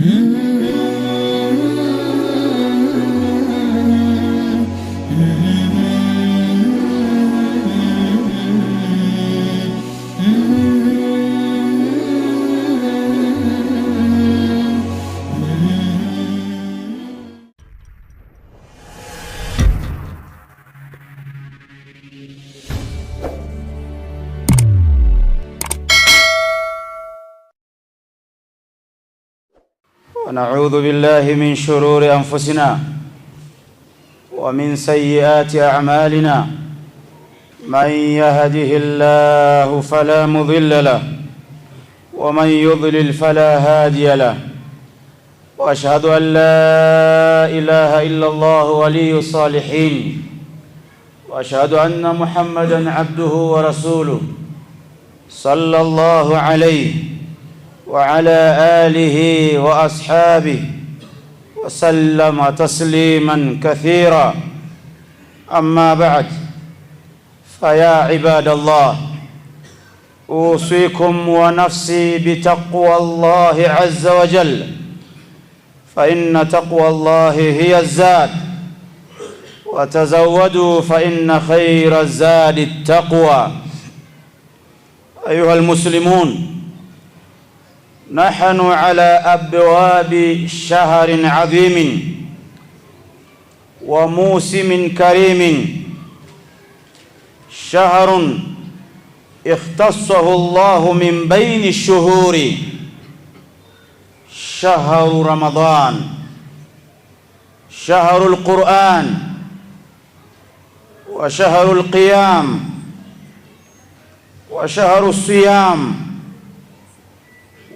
Mm-hmm. ونعوذ بالله من شرور أنفسنا ومن سيئات أعمالنا من يهده الله فلا مضل له ومن يضلل فلا هادي له وأشهد أن لا إله إلا الله ولي الصالحين وأشهد أن محمدا عبده ورسوله صلى الله عليه وعلى آله وأصحابه وسلم تسليما كثيرا أما بعد فيا عباد الله أوصيكم ونفسي بتقوى الله عز وجل فإن تقوى الله هي الزاد وتزودوا فإن خير الزاد التقوى أيها المسلمون نحن على أبواب شهر عظيم وموسم كريم شهر اختصه الله من بين الشهور شهر رمضان شهر القرآن وشهر القيام وشهر الصيام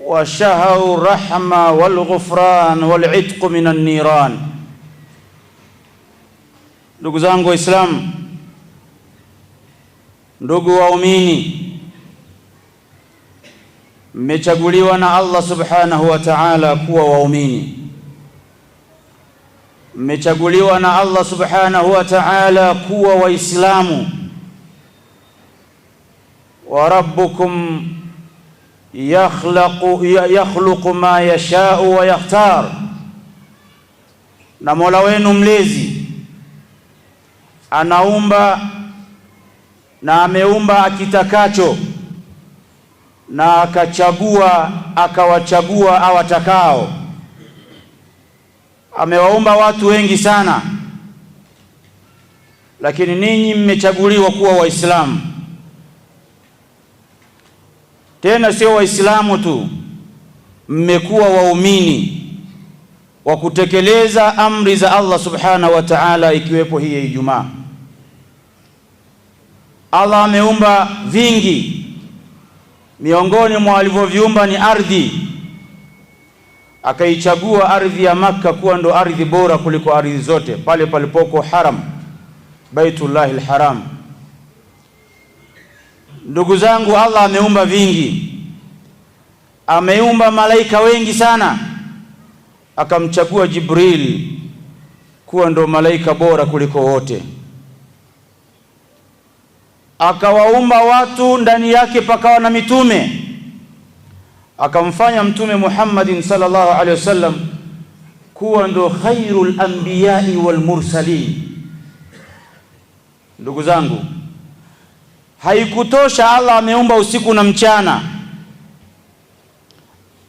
وشهوا الرحمة والغفران والعتق من النيران ndugu zangu Waislamu, ndugu waumini, mmechaguliwa na Allah subhanahu wa ta'ala kuwa waumini, mmechaguliwa na Allah subhanahu wa ta'ala kuwa Waislamu wa rabbukum yakhluqu yakhluqu ma yashau wa yakhtar, na Mola wenu mlezi anaumba na ameumba akitakacho na akachagua akawachagua awatakao. Amewaumba watu wengi sana, lakini ninyi mmechaguliwa kuwa Waislamu. Tena sio Waislamu tu, mmekuwa waumini wa kutekeleza amri za Allah subhanahu wa ta'ala, ikiwepo hii ya Ijumaa. Allah ameumba vingi, miongoni mwa alivyoviumba ni ardhi, akaichagua ardhi ya Makka kuwa ndo ardhi bora kuliko ardhi zote, pale palipoko haram Baitullahil Haram Ndugu zangu, Allah ameumba vingi, ameumba malaika wengi sana, akamchagua Jibril kuwa ndo malaika bora kuliko wote, akawaumba watu ndani yake pakawa na mitume, akamfanya Mtume Muhammadin sallallahu alaihi wasallam kuwa ndo khairul anbiyai wal mursalin. Ndugu zangu haikutosha Allah ameumba usiku na mchana,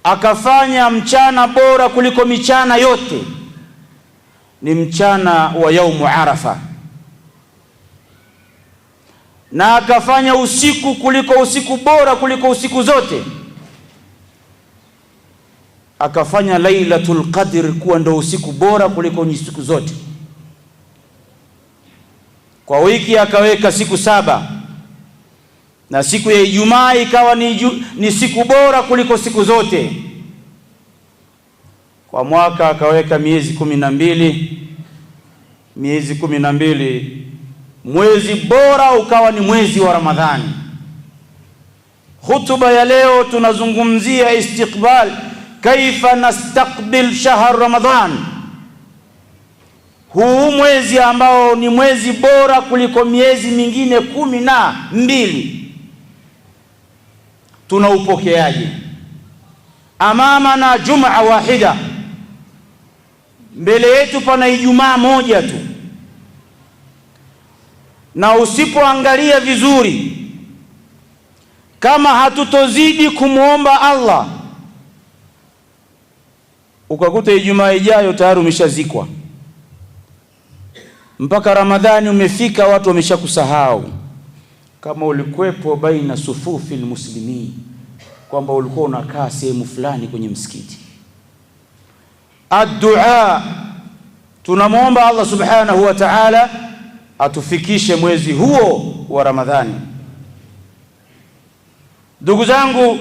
akafanya mchana bora kuliko michana yote, ni mchana wa yaumu Arafa, na akafanya usiku kuliko usiku bora kuliko usiku zote, akafanya Lailatul Qadr kuwa ndo usiku bora kuliko usiku zote. Kwa wiki akaweka siku saba na siku ya Ijumaa ikawa ni, ni siku bora kuliko siku zote. Kwa mwaka akaweka miezi kumi na mbili miezi kumi na mbili mwezi bora ukawa ni mwezi wa Ramadhani. Hutuba ya leo tunazungumzia istiqbal, kaifa nastaqbil shahr Ramadhan, huu mwezi ambao ni mwezi bora kuliko miezi mingine kumi na mbili tunaupokeaje? na jumaa wahida, mbele yetu pana ijumaa moja tu, na usipoangalia vizuri, kama hatutozidi kumwomba Allah, ukakuta ijumaa ijayo tayari umeshazikwa, mpaka Ramadhani umefika, watu wameshakusahau kama ulikuwepo baina sufufi lmuslimin, kwamba ulikuwa unakaa sehemu fulani kwenye msikiti. Addua, tunamwomba Allah subhanahu wa ta'ala atufikishe mwezi huo wa Ramadhani. Ndugu zangu,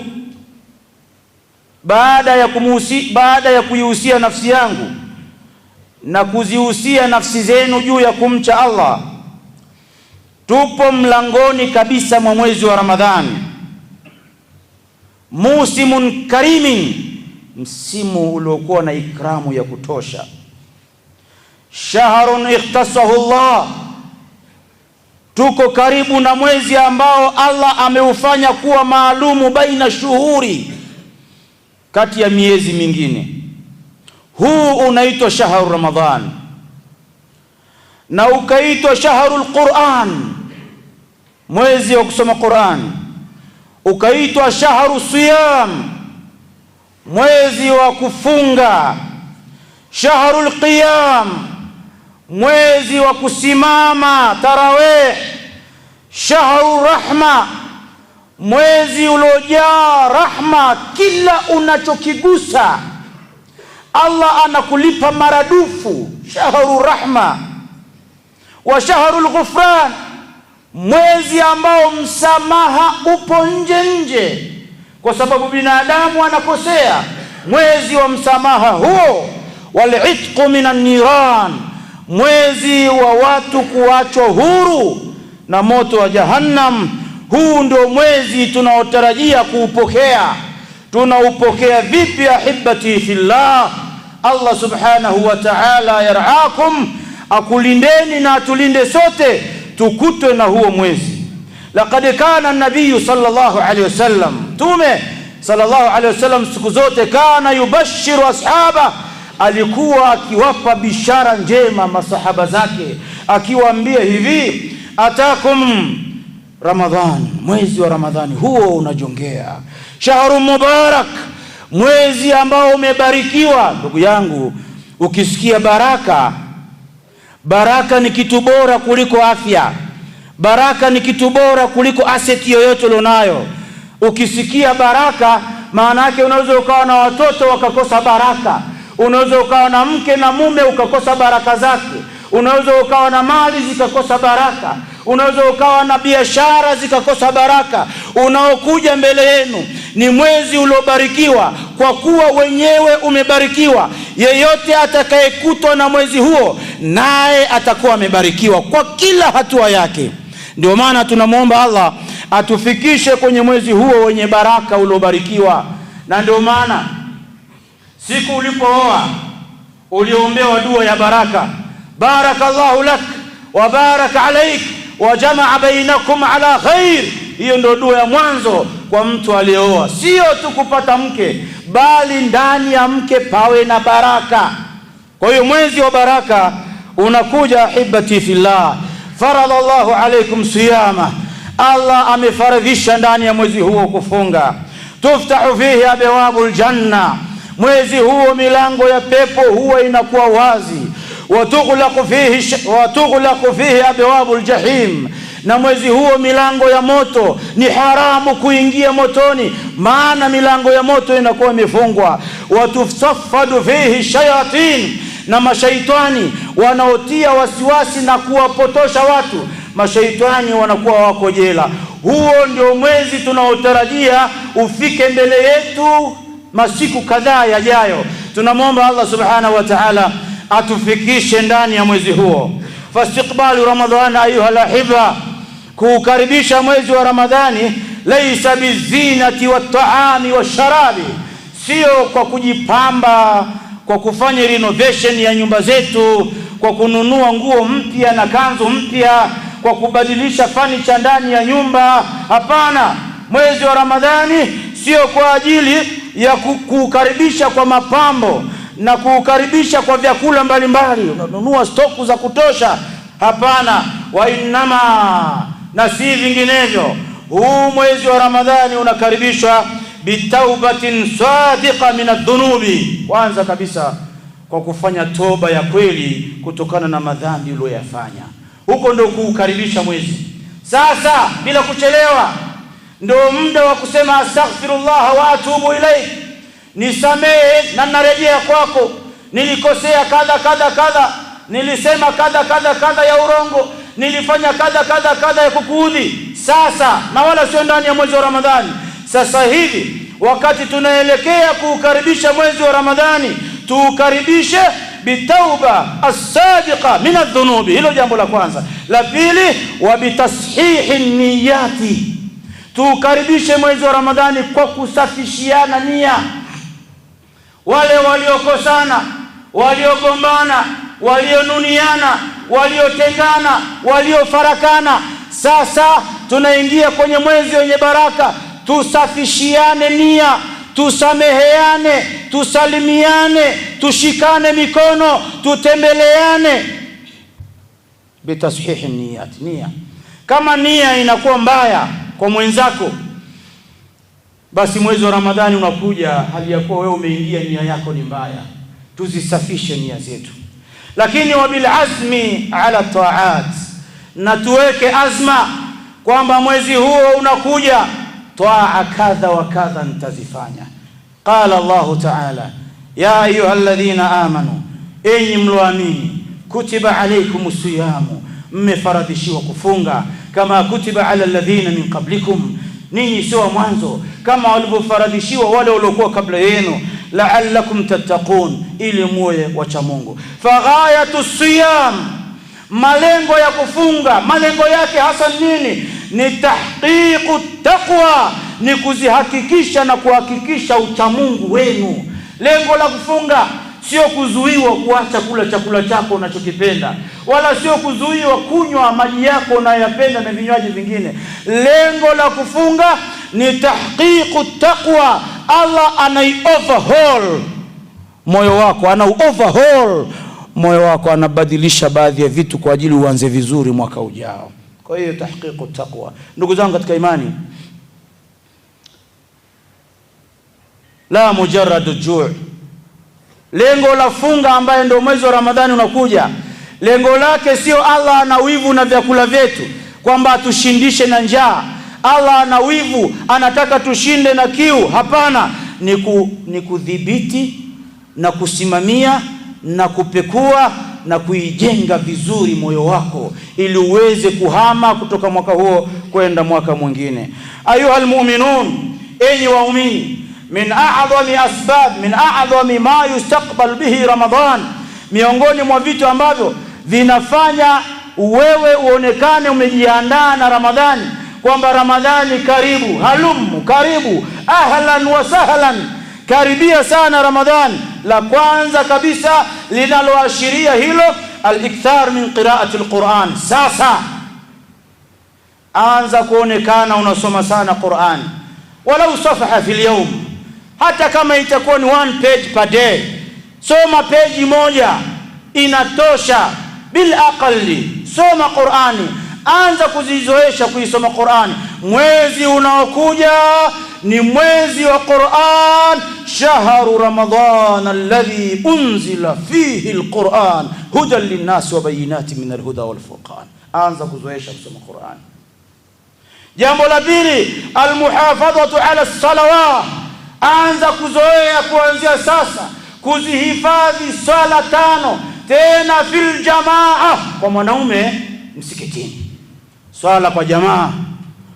baada ya kumuhusi, baada ya kuihusia nafsi yangu na kuzihusia nafsi zenu juu ya kumcha Allah Tupo mlangoni kabisa mwa mwezi wa Ramadhani, musimun karimin, msimu uliokuwa na ikramu ya kutosha. Shahrun ikhtasahu Allah, tuko karibu na mwezi ambao Allah ameufanya kuwa maalumu baina shuhuri, kati ya miezi mingine. Huu unaitwa shahru Ramadhani na ukaitwa shahrul Qur'an, mwezi wa kusoma Qur'an, ukaitwa shahru siyam, mwezi wa kufunga, shahrul qiyam, mwezi wa kusimama tarawih, shahru rahma, mwezi uliojaa rahma. Kila unachokigusa Allah anakulipa maradufu. Shahru rahma wa shahrul ghufran, mwezi ambao msamaha upo nje nje, kwa sababu binadamu anakosea. Mwezi wa msamaha huo, walitqu minan niran, mwezi wa watu kuachwa huru na moto wa Jahannam. Huu ndio mwezi tunaotarajia kuupokea. Tunaupokea vipi? Ahibati fillah, Allah subhanahu wa ta'ala yaraakum akulindeni na atulinde sote tukutwe na huo mwezi. Laqad kana nabiyu sallallahu alayhi wasallam, tume sallallahu alayhi wasallam siku zote, kana yubashiru ashaba, alikuwa akiwapa bishara njema masahaba zake, akiwaambia hivi, atakum Ramadhan, mwezi wa Ramadhani huo unajongea, shahru mubarak, mwezi ambao umebarikiwa. Ndugu yangu, ukisikia baraka Baraka ni kitu bora kuliko afya. Baraka ni kitu bora kuliko aseti yoyote ulionayo. Ukisikia baraka, maana yake unaweza ukawa na watoto wakakosa baraka, unaweza ukawa na mke na mume ukakosa baraka zake, unaweza ukawa na mali zikakosa baraka, unaweza ukawa na biashara zikakosa baraka unaokuja mbele yenu ni mwezi uliobarikiwa kwa kuwa wenyewe umebarikiwa. Yeyote atakayekutwa na mwezi huo naye atakuwa amebarikiwa kwa kila hatua yake. Ndio maana tunamwomba Allah atufikishe kwenye mwezi huo wenye baraka uliobarikiwa. Na ndio maana siku ulipooa uliombewa dua ya baraka, barakallahu lak wa baraka alaik wa jamaa bainakum ala khair. Hiyo ndio dua ya mwanzo kwa mtu aliyeoa, sio tu kupata mke, bali ndani ya mke pawe na baraka. Kwa hiyo mwezi wa baraka unakuja. Ahibati fillah, faradha llahu alaikum siyama, Allah amefaradhisha ndani ya mwezi huo kufunga. Tuftahu fihi abwabul ljanna, mwezi huo milango ya pepo huwa inakuwa wazi. Watughlaqu fihi abwabu ljahim na mwezi huo milango ya moto ni haramu kuingia motoni, maana milango ya moto inakuwa imefungwa. watusafadu fihi shayatin, na mashaitani wanaotia wasiwasi na kuwapotosha watu, mashaitani wanakuwa wako jela. Huo ndio mwezi tunaotarajia ufike mbele yetu masiku kadhaa yajayo. Tunamwomba Allah subhanahu wa ta'ala atufikishe ndani ya mwezi huo. fastiqbalu ramadhana ayuha lahiba kuukaribisha mwezi wa Ramadhani, laisa bizinati wataami washarabi, sio kwa kujipamba, kwa kufanya renovation ya nyumba zetu, kwa kununua nguo mpya na kanzu mpya, kwa kubadilisha fanicha ndani ya nyumba. Hapana, mwezi wa Ramadhani sio kwa ajili ya kuukaribisha kwa mapambo na kuukaribisha kwa vyakula mbalimbali, unanunua stoku za kutosha. Hapana, wa na si vinginevyo. Huu mwezi wa Ramadhani unakaribishwa bitaubatin sadiqa min adhunubi, kwanza kabisa kwa kufanya toba ya kweli kutokana na madhambi uliyoyafanya. Huko ndio kuukaribisha mwezi. Sasa bila kuchelewa, ndio muda wa kusema astaghfirullah wa atubu ni nisamehe na narejea kwako, nilikosea kadha kadha kadha, nilisema kadha kadha kadha ya urongo nilifanya kadha kadha kadha ya kukuudhi, sasa na wala sio ndani ya mwezi wa Ramadhani. Sasa hivi wakati tunaelekea kuukaribisha mwezi wa Ramadhani, tuukaribishe bitauba assadiqa min adhunubi. Hilo jambo la kwanza. La pili, wa bitashihi niyati, tuukaribishe mwezi wa Ramadhani kwa kusafishiana nia. Wale waliokosana, waliogombana walionuniana, waliotengana, waliofarakana. Sasa tunaingia kwenye mwezi wenye baraka, tusafishiane nia, tusameheane, tusalimiane, tushikane mikono, tutembeleane bitashihi niyati. Nia kama nia inakuwa mbaya kwa mwenzako basi mwezi wa Ramadhani unakuja, hali ya kuwa wewe umeingia, nia yako ni mbaya. Tuzisafishe nia zetu lakini wabil azmi ala taat, na tuweke azma kwamba mwezi huo unakuja, taa kadha wa kadha nitazifanya. Qala Allahu taala, ya ayuha alladhina amanu, enyi mloamini, kutiba alaykum siyamu, mmefaradhishiwa kufunga, kama kutiba ala alladhina min qablikum, ninyi sio wa mwanzo, kama walivyofaradhishiwa wale waliokuwa kabla yenu la'allakum tattaqun, ili muwe wacha Mungu. Faghayatu siyam, malengo ya kufunga, malengo yake hasa nini? Ni tahqiqu taqwa, ni kuzihakikisha na kuhakikisha uchamungu wenu. Lengo la kufunga sio kuzuiwa kuacha kula chakula chako unachokipenda, wala sio kuzuiwa kunywa maji yako unayoyapenda na vinywaji vingine. Lengo la kufunga ni tahqiqu taqwa. Allah anai overhaul moyo wako, ana overhaul moyo wako, anabadilisha baadhi ya vitu kwa ajili uanze vizuri mwaka ujao. Kwa hiyo tahqiqu taqwa, ndugu zangu katika imani, la mujarradu juu Lengo la funga ambaye ndio mwezi wa Ramadhani unakuja, lengo lake sio Allah ana wivu na vyakula vyetu kwamba atushindishe na njaa. Allah ana wivu anataka tushinde na kiu. Hapana, ni, ku, ni kudhibiti na kusimamia na kupekua na kuijenga vizuri moyo wako ili uweze kuhama kutoka mwaka huo kwenda mwaka mwingine. Ayuha almuminun, enyi waumini min a'dhami asbab min a'dhami ma yustaqbal bihi ramadan miongoni mwa vitu ambavyo vinafanya wewe uonekane umejiandaa na Ramadhani, kwamba Ramadhani karibu, halumu karibu, ahlan wa sahlan, karibia sana Ramadhani. La kwanza kabisa linaloashiria hilo alikthar min qiraati alquran. Sasa anza kuonekana unasoma sana Qurani, walau safha fil yawm hata kama itakuwa ni one page per day, soma peji moja inatosha. Bil aqali soma Qurani, anza kuzizoesha kuisoma Qurani. Mwezi unaokuja ni mwezi wa Quran, shahru ramadan alladhi unzila fihi alquran hudan linnasi wa bayinati min alhuda walfurqan. Anza kuzoesha kusoma Qurani. Jambo la pili, almuhafadhatu ala salawat anza kuzoea kuanzia sasa kuzihifadhi swala tano tena fil jamaa kwa mwanaume msikitini, swala kwa jamaa,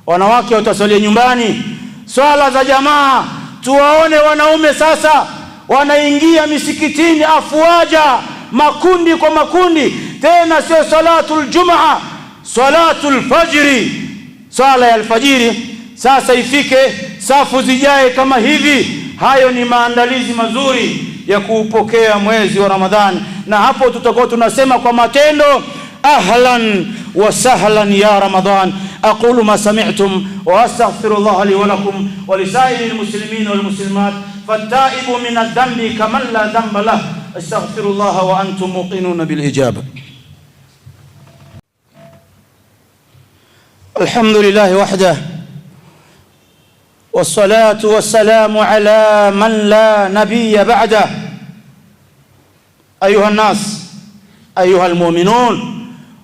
wanawake wataswalia nyumbani, swala za jamaa. Tuwaone wanaume sasa wanaingia misikitini afuaja, makundi kwa makundi, tena sio salatul jumaa, salatul fajri, swala ya alfajiri sasa ifike safu zijae kama hivi. Hayo ni maandalizi mazuri ya kuupokea mwezi wa Ramadhani, na hapo tutakuwa tunasema kwa matendo, ahlan wa sahlan ya Ramadhan. aqulu ma sami'tum wa astaghfirullah li wa lakum wa lisairil muslimin wal muslimat fattaibu min adh-dhanbi kaman la dhanba lah astaghfirullah wa antum muqinuna bil ijaba alhamdulillah wahdahu والصلاة والسلام على من لا نبي بعده أيها الناس أيها المؤمنون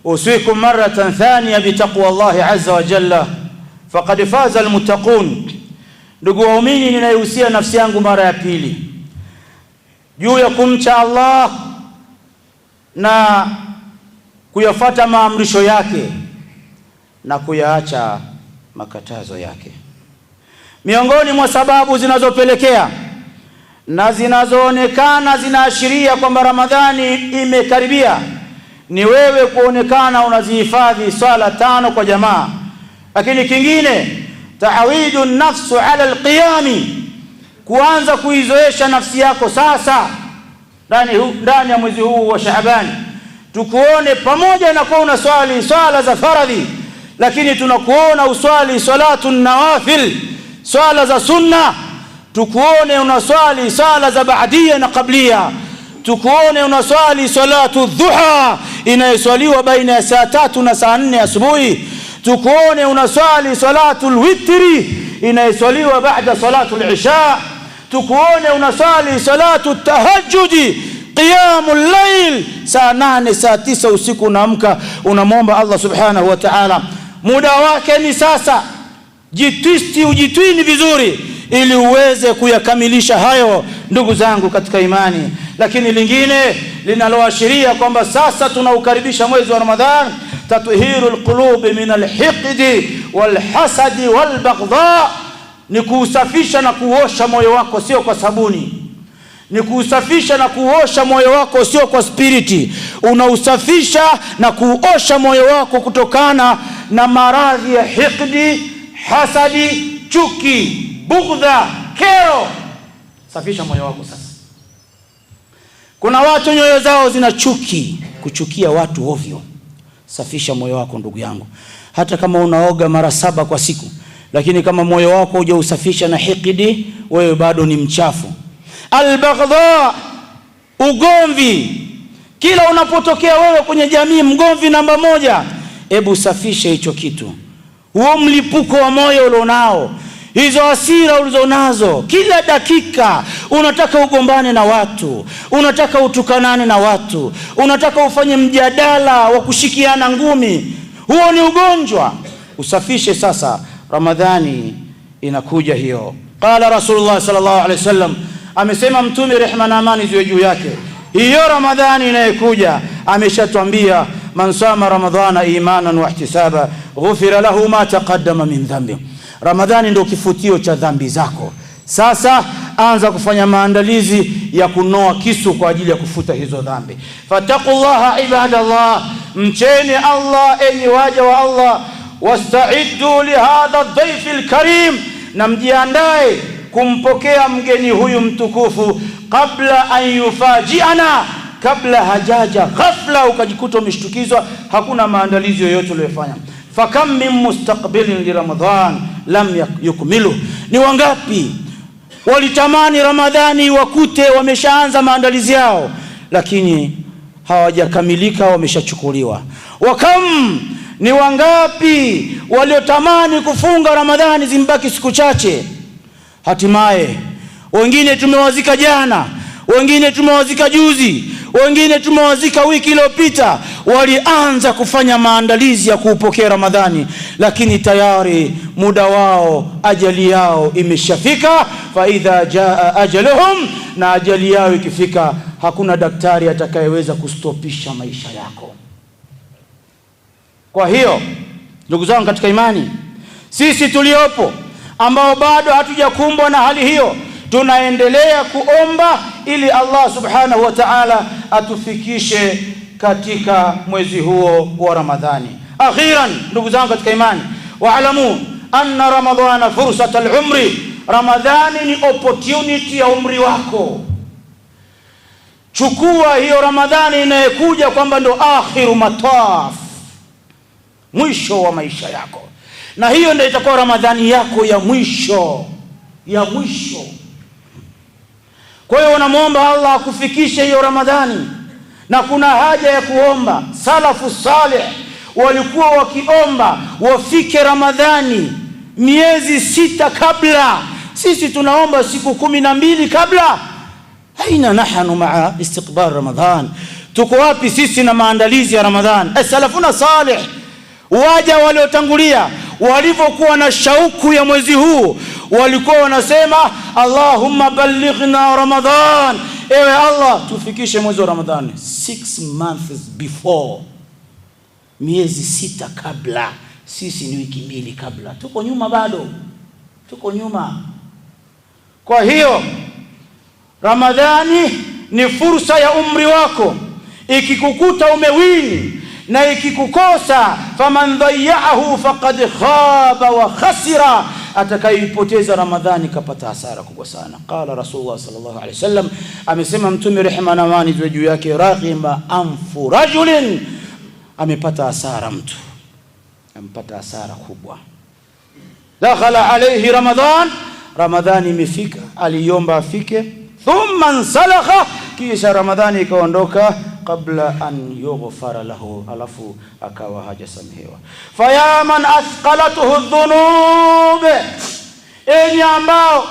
أوصيكم مرة ثانية بتقوى الله عز وجل فقد فاز المتقون ndugu waumini ninaihusia nafsi yangu mara ya pili juu ya kumcha Allah na kuyafata maamrisho yake na kuyaacha makatazo yake Miongoni mwa sababu zinazopelekea na zinazoonekana zinaashiria kwamba Ramadhani imekaribia ni wewe kuonekana unazihifadhi swala tano kwa jamaa, lakini kingine taawidu nafsu ala alqiyami, kuanza kuizoesha nafsi yako sasa ndani ya mwezi huu wa Shaabani, tukuone pamoja na kuwa unaswali swala za faradhi, lakini tunakuona uswali salatu nawafil swala za sunna, tukuone unaswali swala za baadia na qablia, tukuone unaswali salatu dhuha inayoswaliwa baina ya saa tatu na saa nne asubuhi, tukuone unaswali salatu lwitri inayoswaliwa baada salatu lisha, tukuone unaswali salatu tahajudi qiyamu llail saa nane saa tisa usiku unaamka, unamwomba Allah subhanahu wa ta'ala, muda wake ni sasa Jitwisti, ujitwini vizuri ili uweze kuyakamilisha hayo, ndugu zangu katika imani. Lakini lingine linaloashiria kwamba sasa tunaukaribisha mwezi wa Ramadhan, tathiru lqulubi min alhiqdi walhasadi walbaghdha, ni kuusafisha na kuosha moyo wako, sio kwa sabuni ni kuusafisha na kuosha moyo wako, sio kwa spiriti. Unausafisha na kuosha moyo wako kutokana na maradhi ya hiqdi hasadi, chuki, bugdha, kero. Safisha moyo wako sasa. Kuna watu nyoyo zao zina chuki, kuchukia watu ovyo. Safisha moyo wako ndugu yangu, hata kama unaoga mara saba kwa siku, lakini kama moyo wako hujausafisha na hikidi, wewe bado ni mchafu. Albaghdha, ugomvi. Kila unapotokea wewe kwenye jamii, mgomvi namba moja. Hebu safishe hicho kitu huo mlipuko wa moyo ulionao, hizo hasira ulizonazo, kila dakika unataka ugombane na watu, unataka utukanane na watu, unataka ufanye mjadala wa kushikiana ngumi, huo ni ugonjwa. Usafishe sasa, Ramadhani inakuja hiyo. Qala Rasulullah sallallahu alaihi wasallam, amesema Mtume, rehma na amani ziwe juu yake. Hiyo Ramadhani inayokuja ameshatwambia man sama ramadhana imanan wahtisaba ghufira lahu ma taqaddama min dhambi Ramadhani ndio kifutio cha dhambi zako. Sasa anza kufanya maandalizi ya kunoa kisu kwa ajili ya kufuta hizo dhambi. Fattaqullaha ibadallah, mcheni Allah enyi waja wa Allah. Wastaidu lihadha dhaifi lkarim, na mjiandae kumpokea mgeni huyu mtukufu. Qabla an yufajiana kabla hajaja ghafla ukajikuta umeshtukizwa, hakuna maandalizi yoyote uliyofanya. Fakam min mustaqbilin li Ramadhan lam yukmilu, ni wangapi walitamani Ramadhani wakute wameshaanza maandalizi yao, lakini hawajakamilika, wameshachukuliwa. Wakam, ni wangapi waliotamani kufunga Ramadhani zimbaki siku chache, hatimaye wengine tumewazika jana, wengine tumewazika juzi wengine tumewazika wiki iliyopita, walianza kufanya maandalizi ya kuupokea Ramadhani, lakini tayari muda wao, ajali yao imeshafika. Fa idha jaa ajaluhum, na ajali yao ikifika, hakuna daktari atakayeweza kustopisha maisha yako. Kwa hiyo ndugu zangu katika imani, sisi tuliopo ambao bado hatujakumbwa na hali hiyo tunaendelea kuomba ili Allah subhanahu wa ta'ala atufikishe katika mwezi huo wa Ramadhani. Akhiran, ndugu zangu katika imani, waalamu anna ramadhana fursata al-umri, Ramadhani ni opportunity ya umri wako. Chukua hiyo Ramadhani inayokuja kwamba ndo akhiru mataf, mwisho wa maisha yako, na hiyo ndio itakuwa Ramadhani yako ya mwisho ya mwisho kwa hiyo unamwomba Allah akufikishe hiyo Ramadhani, na kuna haja ya kuomba. Salafu saleh walikuwa wakiomba wafike Ramadhani miezi sita kabla. Sisi tunaomba siku kumi na mbili kabla. Aina nahnu maa istiqbal Ramadhan, tuko wapi sisi na maandalizi ya Ramadhani? Eh, salafuna saleh, waja waliotangulia walivyokuwa na shauku ya mwezi huu walikuwa wanasema allahumma ballighna ramadan ewe allah tufikishe mwezi wa ramadhani six months before miezi sita kabla sisi ni wiki mbili kabla tuko nyuma bado tuko nyuma kwa hiyo ramadhani ni fursa ya umri wako ikikukuta umewini na ikikukosa faman dhayaahu faqad khaba wa khasira atakayeipoteza Ramadhani kapata hasara kubwa sana. Qala Rasulullah sallallahu alaihi wasallam, amesema Mtume rehma na amani ziwe juu yake, raghima anfu rajulin, amepata hasara mtu, amepata hasara kubwa. Dakhala alaihi Ramadhan, Ramadhani imefika, aliomba afike, thumma nsalakha, kisha Ramadhani ikaondoka qabla an yughfara lahu, alafu akawa hajasamehewa. Faya man athqalathu dhunub, enyi ambao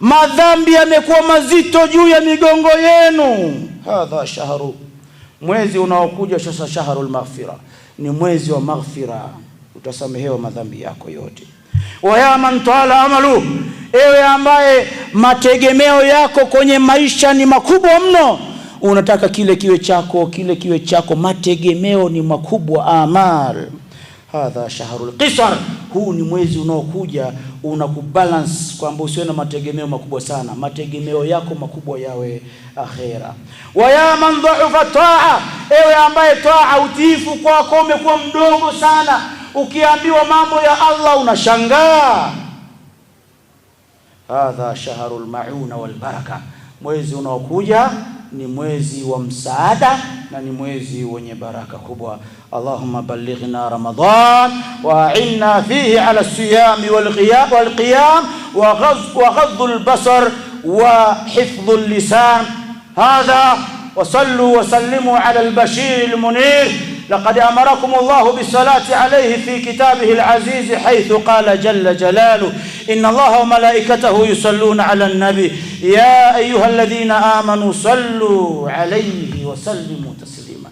madhambi yamekuwa mazito juu ya migongo yenu. Hadha shahru, mwezi unaokuja sasa, shahru lmaghfira, ni mwezi wa maghfira, utasamehewa madhambi yako yote. Waya man taala amalu, ewe ambaye mategemeo yako kwenye maisha ni makubwa mno unataka kile kiwe chako, kile kiwe chako. Mategemeo ni makubwa. Amal hadha shahrul qisar, huu ni mwezi unaokuja unakubalance kwamba usiwe na mategemeo makubwa sana. Mategemeo yako makubwa yawe akhera. wa ya man dhaifa taa, ewe ambaye taa utiifu kwako umekuwa mdogo sana, ukiambiwa mambo ya Allah unashangaa. Hadha shahrul mauna wal baraka mwezi unaokuja ni mwezi wa msaada na ni mwezi wenye baraka kubwa allahumma balighna ramadan wa inna fihi ala siyam wal qiyam wal qiyam wa ghadh wa ghadh al basar wa hifdh al lisan hadha wa sallu wa sallimu ala al bashir al munir لقد أمركم الله بالصلاة عليه في كتابه العزيز حيث قال جل جلاله إن الله وملائكته يصلون على النبي يا أيها الذين آمنوا صلوا عليه وسلموا تسليما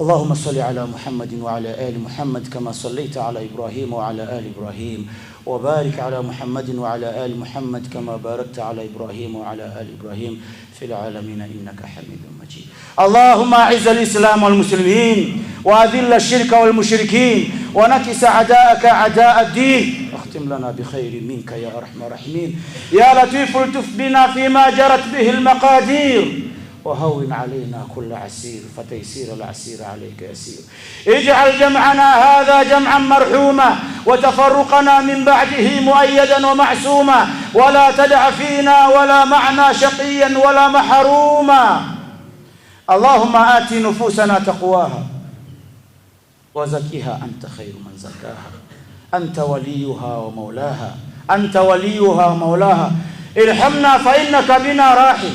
اللهم صل على محمد وعلى آل محمد كما صليت على إبراهيم وعلى آل إبراهيم وبارك على محمد وعلى آل محمد كما باركت على إبراهيم وعلى آل إبراهيم في العالمين إنك حميد مجيد اللهم أعز الإسلام والمسلمين وأذل الشرك والمشركين ونكس أعداءك أعداء الدين اختم لنا بخير منك يا أرحم الراحمين يا لطيف التف بنا فيما جرت به المقادير وهون علينا كل عسير فتيسير العسير عليك يسير اجعل جمعنا هذا جمعا مرحوما وتفرقنا من بعده مؤيدا ومعسوما ولا تدع فينا ولا معنا شقيا ولا محروما اللهم آت نفوسنا تقواها وزكها أنت خير من زكاها أنت وليها ومولاها أنت وليها ومولاها ارحمنا فإنك بنا راحم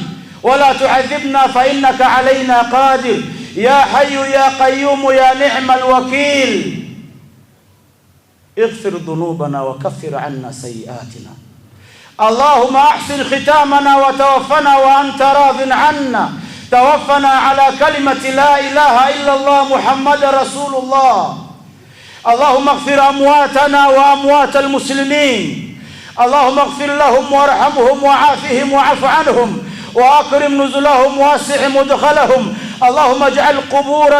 ولا تعذبنا فإنك علينا قادر يا حي يا قيوم يا نعم الوكيل اغفر ذنوبنا وكفر عنا سيئاتنا اللهم احسن ختامنا وتوفنا وانت راض عنا توفنا على كلمه لا اله الا الله محمد رسول الله اللهم اغفر امواتنا واموات المسلمين اللهم اغفر لهم وارحمهم وعافهم واعف عنهم وأكرم نزلهم واسع مدخلهم اللهم اجعل قبور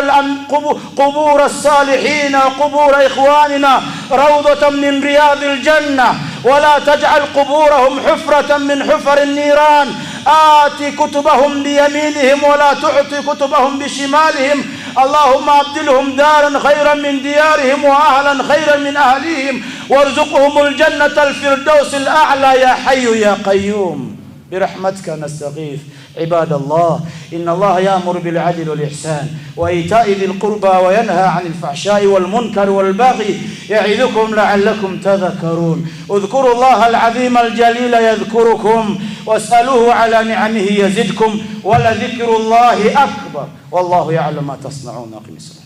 قبور الصالحين وقبور إخواننا روضة من رياض الجنة ولا تجعل قبورهم حفرة من حفر النيران آت كتبهم بيمينهم ولا تعطي كتبهم بشمالهم اللهم أبدلهم دارا خيرا من ديارهم وأهلا خيرا من أهليهم وارزقهم الجنة الفردوس الأعلى يا حي يا قيوم برحمتك نستغيث عباد الله إن الله يأمر بالعدل والإحسان وإيتاء ذي القربى وينهى عن الفحشاء والمنكر والبغي يعظكم لعلكم تذكرون اذكروا الله العظيم الجليل يذكركم واسألوه على نعمه يزدكم ولذكر الله أكبر والله يعلم ما تصنعون أقم الصلاة